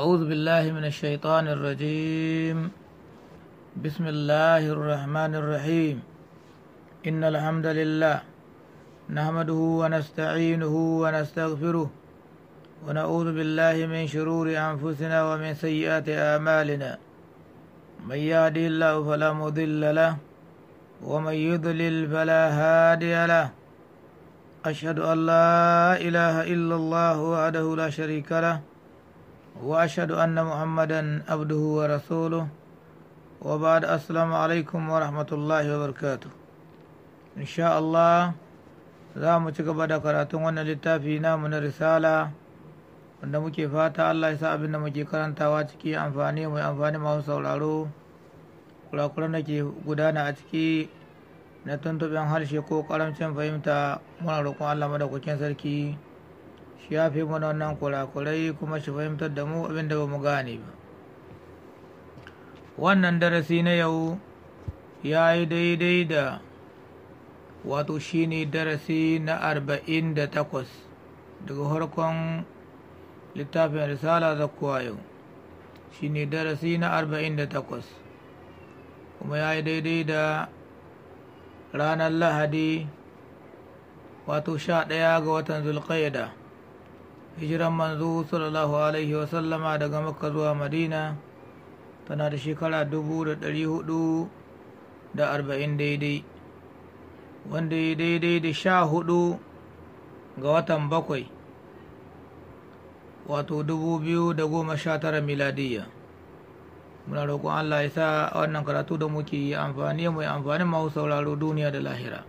أعوذ بالله من الشيطان الرجيم بسم الله الرحمن الرحيم إن الحمد لله نحمده ونستعينه ونستغفره ونعوذ بالله من شرور أنفسنا ومن سيئات أعمالنا من يهدي الله فلا مضل له ومن يضلل فلا هادي له أشهد أن لا إله إلا الله وحده لا شريك له وأشهد أن محمدا عبده ورسوله وبعد السلام عليكم ورحمة الله وبركاته إن شاء الله za mu ci gaba da karatun wannan littafi namu na risala wanda muke fata Allah ya sa abin da muke karantawa ciki amfani mai amfani masu sauraro kurakuran da ke gudana a ciki na tuntuɓen harshe ko karamcin fahimta muna roƙon Allah madaukakin sarki shi ya fi mana wannan kurakurai kuma shi fahimtar da mu abin da ba mu gane ba wannan darasi na yau ya yi daidai da wato shi ne darasi na arba'in da takwas daga harkon littafin risala kuwa yau shi ne darasi na arba'in da takwas kuma ya yi daidai da ranar lahadi wato sha ɗaya ga watan zulƙaida hijiran manzo sallallahu alaihi wasallama daga makka zuwa madina tana da shekara dubu da ɗari hudu da arba'in daidai wanda ya daidai da sha hudu ga watan bakwai wato dubu biyu da goma sha tara miladiyya muna roƙon allah ya sa wannan karatu da muke yi amfani mai amfani mahu sauraro duniya da lahira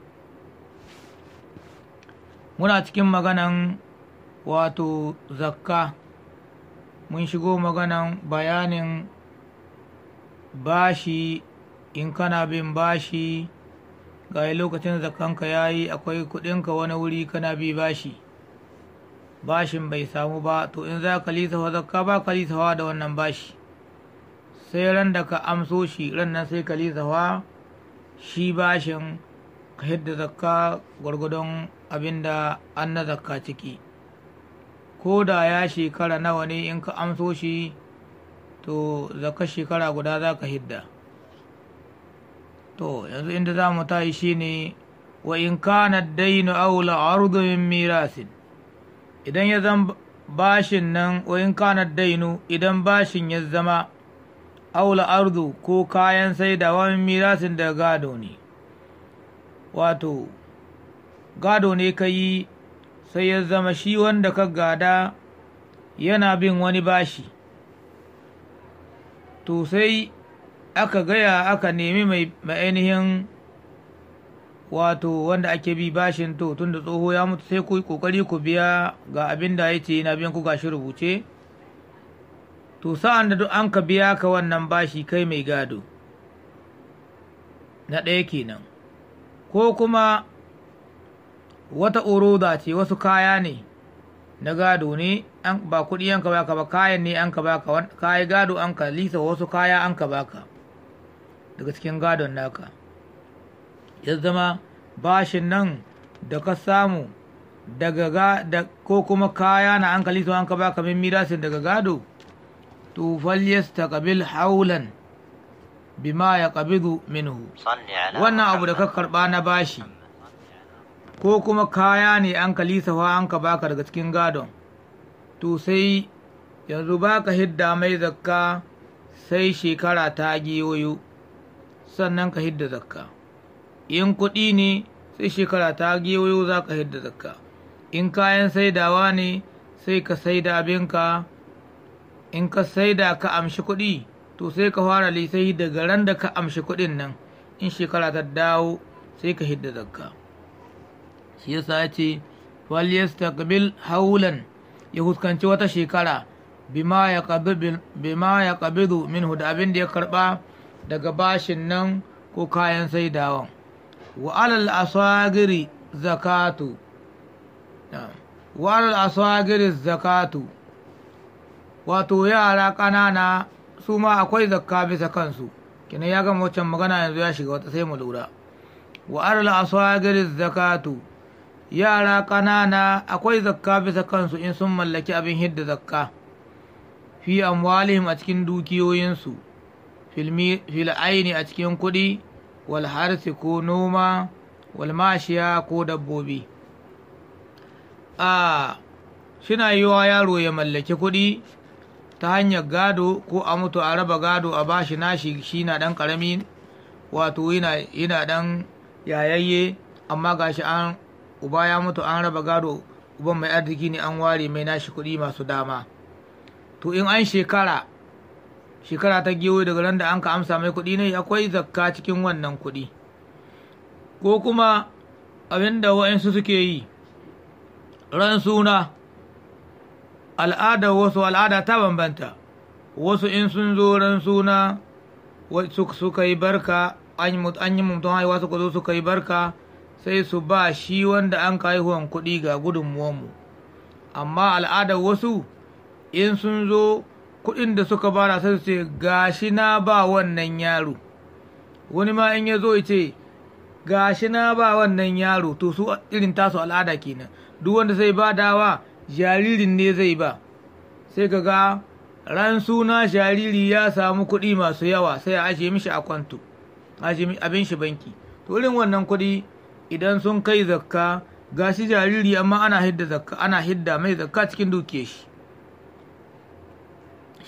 muna cikin maganan wato zakka mun shigo maganan bayanin bashi in kana bin bashi ga lokacin zakkanka ya yi akwai kuɗinka wani wuri kana bi bashi bashin bai samu ba to in za ka lisafa zakka ba ka lisafa da wannan bashi sai ran da ka amso shi ran nan sai ka lisafa shi bashin ka hidda zakka gwargwadon abin da an na zakka ciki ko da ya shekara nawa ne in ka amso shi to zaka shekara guda za ka hidda to yanzu inda za mu yi shi ne wa in kana dainu aula ardu min mirasin idan ya zan bashin nan wa in kana dainu idan bashin ya zama aula ardu ko kayan saidawa min mirasin da gado ne wato gado ne ka yi sai ya zama shi wanda ka gada yana bin wani bashi to sai aka gaya aka nemi mai ainihin wato wanda ake bi bashin to tun da tsoho ya mutu sai ku kokari ku biya ga abin da ya ce yana biyan ku gashi rubuce to sa'an da duk an ka biya ka wannan bashi kai mai gado na ɗaya kenan ko kuma wata oroda ce wasu kaya ne na gado ne ba kuɗi an ka baka ba kayan ne an ka baka kayi gado an ka lisa wasu kaya an ka baka daga cikin gadon naka ya zama bashin nan da ka samu daga ga da ko kuma kaya na an ka lisa an ka baka min mirasin daga gado to kabil haulan bima ya kabidu minhu wannan abu da ka karba na bashi ko kuma kaya ne an ka lisafa an ka baka daga cikin gadon to sai yanzu baka hidda mai zakka sai shekara ta gewayo sannan ka hidda zakka in kuɗi ne sai shekara ta gewayo za ka hidda zakka in kayan saidawa ne sai ka saida abinka in ka saida ka amshi kuɗi to sai ka fara lisai daga ran da ka amshi kuɗin nan in shekara ta dawo sai ka hidda zakka shi yasa ya ce falyastaqbil haulan ya huskanci wata shekara bima ya qabidu minhu da abin da ya karba daga bashin nan ko kayan saidawan wa alal asagiri zakatu zakatu wato yara kanana su ma akwai zakka bisa kansu kinan ya gama waccan magana yanzu ya shiga wata sai mu lura wa alal asagiri zakatu yara ƙanana akwai zakka bisa kansu in sun mallaki abin hidda zakka fi amwalihim a cikin dukiyoyinsu fil aini a cikin kuɗi wal harsi ko noma wal mashiya ko dabbobi a shina yiwa yaro ya mallaki kuɗi ta hanyar gado ko a mutu a raba gado a bashi nashi shi na ɗan ƙarami wato yana ɗan yayayye amma gashi an uba ya mutu an raba gado uban mai arziki ne an ware mai nashi kuɗi masu dama to in an shekara shekara ta giyo daga ran da an ka amsa mai kuɗi ne akwai zakka cikin wannan kuɗi ko kuma abin da wa'insu suke yi ran suna al'ada wasu al'ada ta bambanta wasu in sun zo ran suna suka yi barka an yi mutum haihuwa suka zo suka yi barka sai su ba shi wanda an ka haihuwan kuɗi ga gudunmuwanmu amma al'adar wasu in sun zo kuɗin da suka bara sai su ce gashi na ba wannan yaro wani ma in ya zo ya ce gashi na ba wannan yaro to su irin tasu al'ada kenan duk wanda sai ba dawa jaririn ne zai ba sai ka ga ran suna jariri ya samu kuɗi masu yawa sai a ajiye mishi a kwanto abin shi banki to irin wannan kuɗi idan sun kai zakka gashi jariri amma ana hidda zakka ana hidda mai zakka cikin duke shi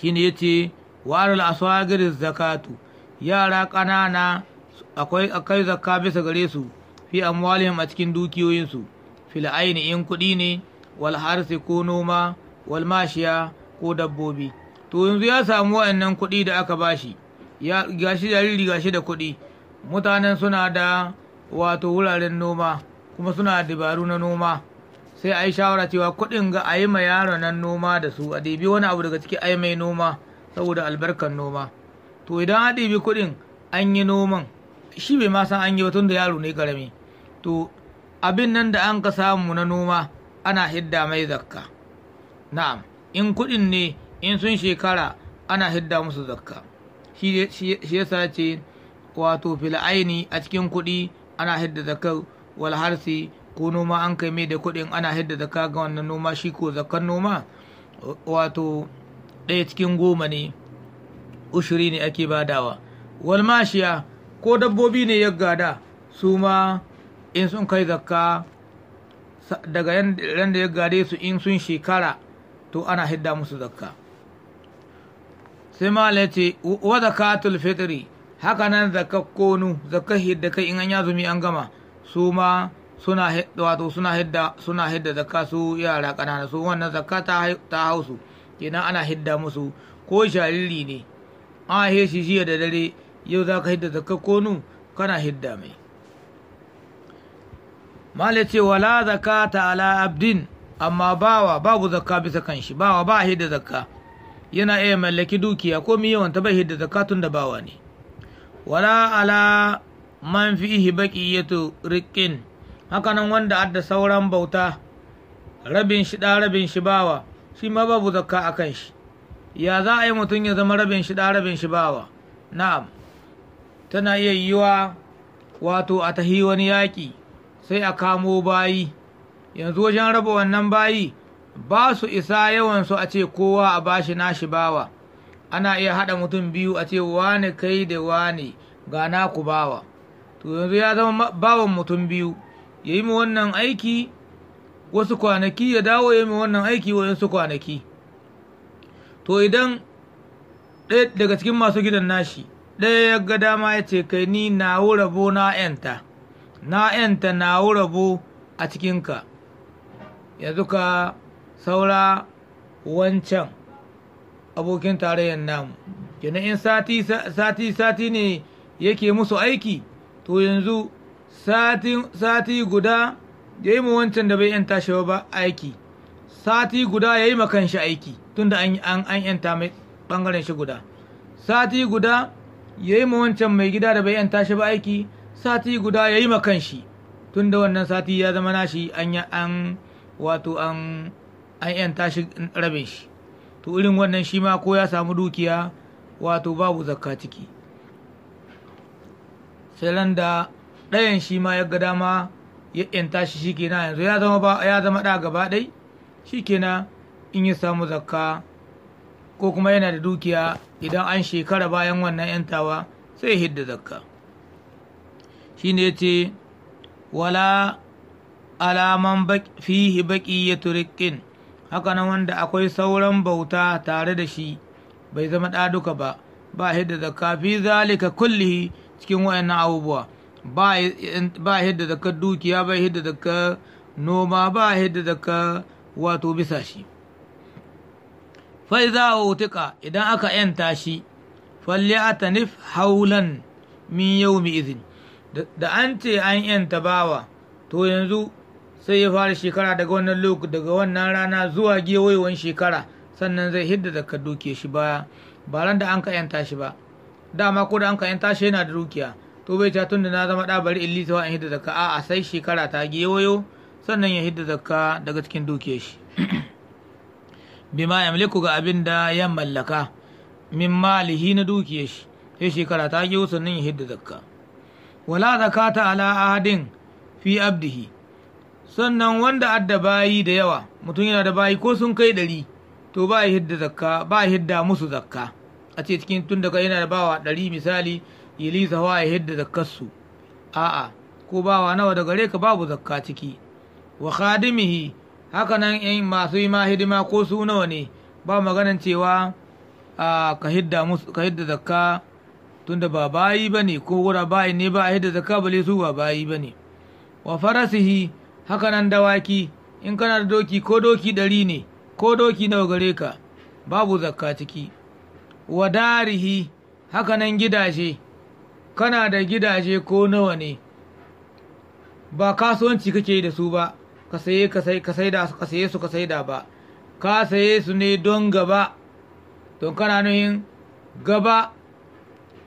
shine yace warul aswagir zakatu yara ƙanana akwai akai zakka bisa gare su fi amwalihim a cikin su fil aini in kuɗi ne wal harsi ko noma wal mashiya ko dabbobi to yanzu ya samu wa'annan kuɗi da aka bashi ya gashi jariri gashi da kuɗi mutanen suna da wato wuraren noma kuma suna dabaru na noma sai a yi shawara cewa kuɗin ga a yi ma yaro nan noma da su a ɗibi wani abu daga ciki a yi mai noma saboda albarkar noma to idan a ɗibi kuɗin an yi noman shi bai ma san an yi ba tun da yaro ne karami to abin nan da an ka samu na noma ana hidda mai zakka na'am in kuɗin ne in sun shekara ana hidda musu zakka shi yasa ce wato fil'aini a cikin kuɗi ana hidda zakar wal harsi ko noma an kai mai da kuɗin ana hidda zaka ga wannan noma shi ko zakar noma wato ɗaya cikin goma ne ushiri ne ake badawa wal mashiya ko dabbobi ne ya gada su ma in sun kai zakka daga yanda da ya gade su in sun shekara to ana hidda musu zakka sai ma ce wa zakatul fitri haka nan zakar konu zakar hidda kai in an yazumi an gama su ma suna wato suna hidda suna hidda zakka su yara kanana su wannan zakka ta hausu kenan ana hidda musu ko jariri ne an he shi jiya da dare yau za ka hidda zakka konu kana hidda mai mala ce wala zakata ala abdin amma bawa babu zakka bisa kan shi bawa ba hidda zakka yana iya mallaki dukiya ko miyawanta yawan bai hidda zakka tun da bawa ne wala ala man fihi baqiyatu riqqin hakanan wanda adda sauran bauta rabin shi da rabin shi bawa shi ma babu zakka akan shi ya za a yi mutum ya zama rabin shi da rabin shi bawa na'am tana iya yiwa wato a tahi wani yaƙi sai a kamo bayi yanzu wajen raba wannan bayi ba su isa su a ce kowa a bashi nashi bawa ana iya haɗa mutum biyu a ce wane kai da wane ga naku bawa to yanzu ya zama bawan mutum biyu ya yi wannan aiki wasu kwanaki ya dawo ya yi wannan aiki wasu kwanaki to idan ɗaya daga cikin masu gidan nashi ɗaya ya ga dama ya ce kai ni na rabo na yanta na yanta na rabo a cikinka yanzu ka saura wancan abokin tarayyar namu kenan in sati sati ne yake musu aiki to yanzu sati guda ya yi wancan da bai yanta shi ba aiki sati guda ya yi makan shi aiki tun da an yanta mai bangaren shi guda sati guda ya yi wancan mai gida da bai yanta shi ba aiki sati guda ya yi makan shi tun da wannan sati ya zama nashi an wato an an yanta shi rabin shi to irin wannan shi ma ko ya samu dukiya wato babu zakka ciki sai ran da ɗayan shi ma ya ga dama ya yanta shi shi kenan yanzu ya zama ba ya zama ɗa gaba ɗai shi kenan in ya samu zakka ko kuma yana da dukiya idan an shekara bayan wannan yantawa sai hidda zakka shi ne ce wala alaman fihi baƙi ya turikin haka hakanan wanda akwai sauran bauta tare da shi bai zama ɗaduka ba ba hidda zakka fi zalika kulli cikin wayannan abubuwa ba hidda zakka dukiya ba hidda zakka noma ba hidda zakka wato bisa shi fai za a idan aka yanta shi falli a haulan min yau mi izini da an ce an yanta bawa to yanzu sai ya fara shekara daga wannan lok daga wannan rana zuwa gewayewan shekara sannan zai hidda da ka duke shi baya ba ran da an ka yanta shi ba dama ko da an ka yanta shi yana da dukiya to bai ta tunda na zama da bari in litawa in hidda ka a'a sai shekara ta gewayo sannan ya hidda ka daga cikin duke shi bima mulku ga abin da ya mallaka min malihi na duke shi sai shekara ta gewayo sannan ya hidda ka wala zakata ala ahadin fi abdihi sannan wanda adda bayi da yawa mutum yana da bayi ko sun kai ɗari to ba ya hidda zakka ba ya hidda musu zakka a ce cikin tun daga yana da bawa ɗari misali yili zawa ya hidda zakkarsu a'a ko bawa nawa da gare ka babu zakka ciki wa khadimihi haka nan yan masu yi ma hidima ko su nawa ne ba maganan cewa ka hidda ka hidda zakka tunda ba bayi bane ko gura bayi ne ba a hidda zakka bale su ba bayi bane wa farasihi haka nan dawaki in kana da doki ko doki ɗari ne ko doki nawa gare ka babu zakka ciki wadarihi darihi nan gidaje kana da gidaje ko nawa ne ba kasuwanci kake da su ba ka saye ka ka saye su ka saida ba ka saye su ne don gaba don kana nuhin gaba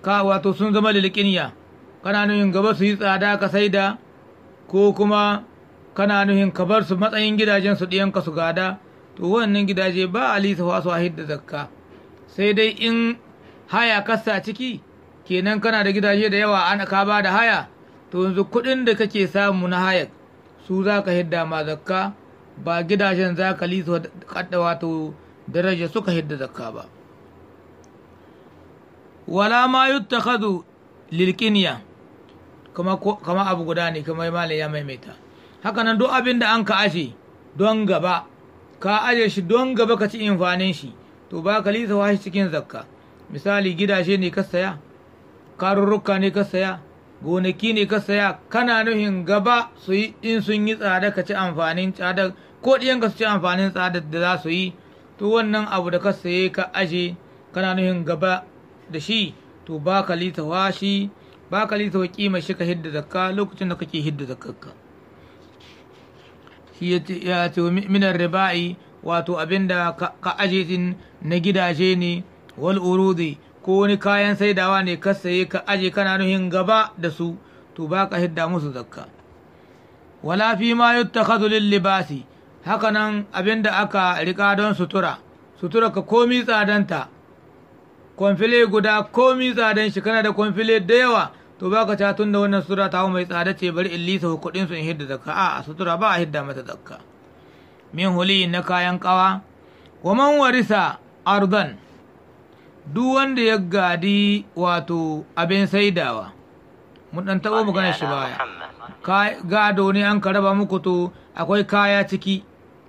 ka wato sun zama lilkiniya kana nuhin gaba su yi tsada ka saida ko kuma kana nuhin ka bar su matsayin gidajen su ɗiyanka su gada to wannan gidaje ba a lisa su a hidda zakka sai dai in haya kasa ciki kenan kana da gidaje da yawa ana ka ba da haya to yanzu kuɗin da kake samu na haya su za ka hidda ma zakka ba gidajen za ka lisa kaɗa wato daraja suka hidda zakka ba wala ma yuttakhadhu lilqiniya kama kama abu guda ne kama malam ya maimaita hakanan duk abin da an ka ashe don gaba ka aje shi don gaba ka ci infanin shi to ba ka lisa shi cikin zakka misali gidaje ne ka saya karurruka ne ka saya gonaki ne ka saya kana nufin gaba su yi in sun yi tsada ka ci amfanin tsada ko ka su ci amfanin tsada da za su yi to wannan abu da ka saye ka aje kana nufin gaba da shi to ba ka wa shi ba ka wa kima shi ka hidda zakka lokacin da kake hidda zakka shi ya minar riba'i wato abinda ka aje na gidaje ne wal urudi ko wani kayan saidawa ne ka saye ka aje kana nuhin gaba da su to ba ka hidda musu zakka wala fi ma yuttakhadhu lil libasi haka nan abin aka rika don sutura sutura ka komi tsadanta konfile guda komi tsadan shi kana da konfile da yawa to ba ka ta tun da wannan sura ta mai tsada ce bari in lisa kuɗin su in hidda zakka a sutura ba a hidda mata zakka min huli na kayan kawa wa man warisa ardan duk wanda ya gadi wato abin saidawa mun dan taɓa magana shi baya gado ne an ka raba muku to akwai kaya ciki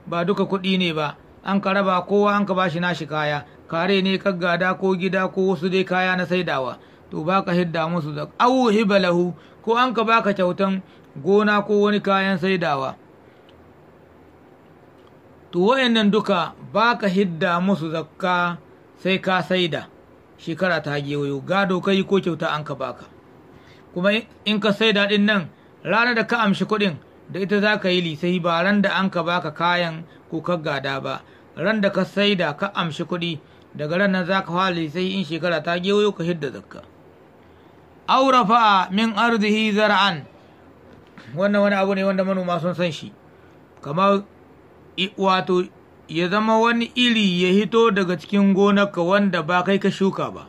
ba duka kuɗi ne ba an ka raba kowa an ka bashi nashi kaya kare ne ka gada ko gida ko wasu dai kaya na saidawa to ba ka hidda musu da au hibalahu ko an ka baka kyautan gona ko wani kayan saidawa to wa'annan duka ba ka hidda musu zakka sai ka saida shekara ta gewayo gado kai ko kyauta an ka baka kuma in ka saida din nan rana da ka amshi kuɗin da ita za ka yi lisai ba ran da an ka baka kayan ko ka gada ba ran da ka saida ka amshi kuɗi daga ran nan za ka fara lisai in shekara ta gewayo ka hidda zakka aurafa min arziki zara'an. wannan wani abu ne wanda manoma sun san shi kamar wato ya zama wani iri ya hito daga cikin gonarka wanda ba kai ka shuka ba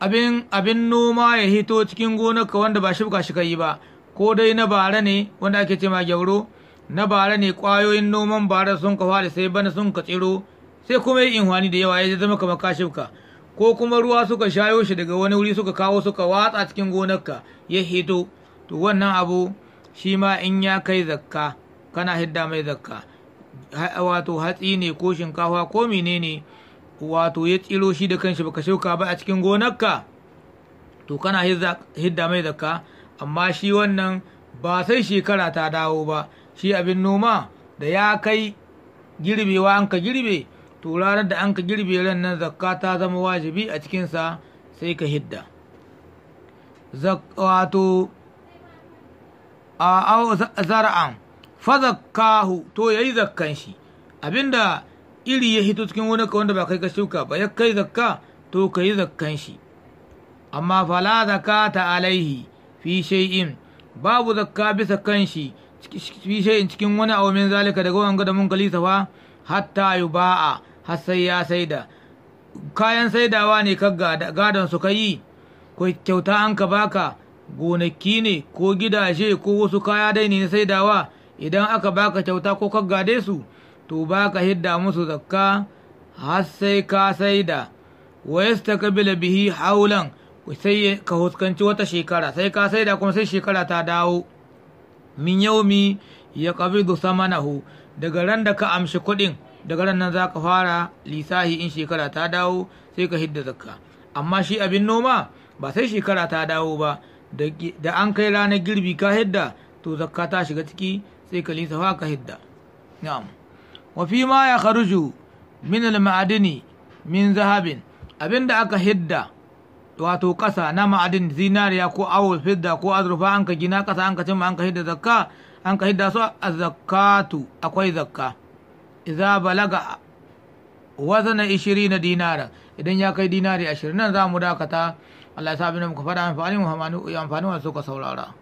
abin noma ya hito cikin gonarka wanda ba shuka shi yi ba ko dai na bara ne wanda ake ce ma gyauro na bara ne kwayoyin noman bara sun ka da sai bana sun ka tsiro sai kuma yi inhwani da yawa ya zama kamar ka shuka ko kuma ruwa suka shayo shi daga wani wuri suka kawo suka watsa cikin gonarka ya hito to wannan abu shi ma in ya kai zakka kana hidda mai zakka wato hatsi ne ko shinkafa ko menene wato ya tsiro shi da kanshi baka shuka ba a cikin gonarka to kana hidda mai zakka amma shi wannan ba sai shekara ta dawo ba shi abin noma da ya kai girbewa an ka girbe to ranar da an ka girbe ran nan zakka ta zama wajibi a cikinsa sai ka hidda wato a zara'an fa zakkahu to yayi zakkan shi abinda iri ya hito cikin wani wanda ba kai ka shuka ba ya kai zakka to ka yi zakkan shi amma fala zakka ta alaihi fi shay'in babu zakka bisa kan shi fi cikin wani aumin zalika daga wanga da mun kalisa fa hatta yuba'a har sai ya saida kayan saidawa ne ka gadon su ka yi ko kyauta an ka baka gonaki ne ko gidaje ko wasu kaya dai ne na saidawa idan aka baka kyauta ko ka gade su to baka hidda musu zakka har sai ka saida wa kabila bihi haulan sai ka huskanci wata shekara sai ka saida kuma sai shekara ta dawo min yaumi ya qabidu samanahu daga ran da ka amshi kuɗin daga ran nan za ka fara lisahi in shekara ta dawo sai ka hidda zakka amma shi abin noma ba sai shekara ta dawo ba da an kai ranar girbi ka hidda to zakka ta shiga ciki sai ka lisa ka hidda na'am wa fi ma ya kharuju min al ma'adini min zahabin Abin da aka hidda wato ƙasa na ma'adin zinariya ko awul fidda ko azurfa an ka gina kasa an ka cimma an ka hidda zakka an ka hidda su a zakatu akwai zakka idza balaga wazana na dinara idan ya kai dinari ashirin nan za mu dakata Allah ya sa abin da muka faɗa amfani ya amfani wasu ka saurara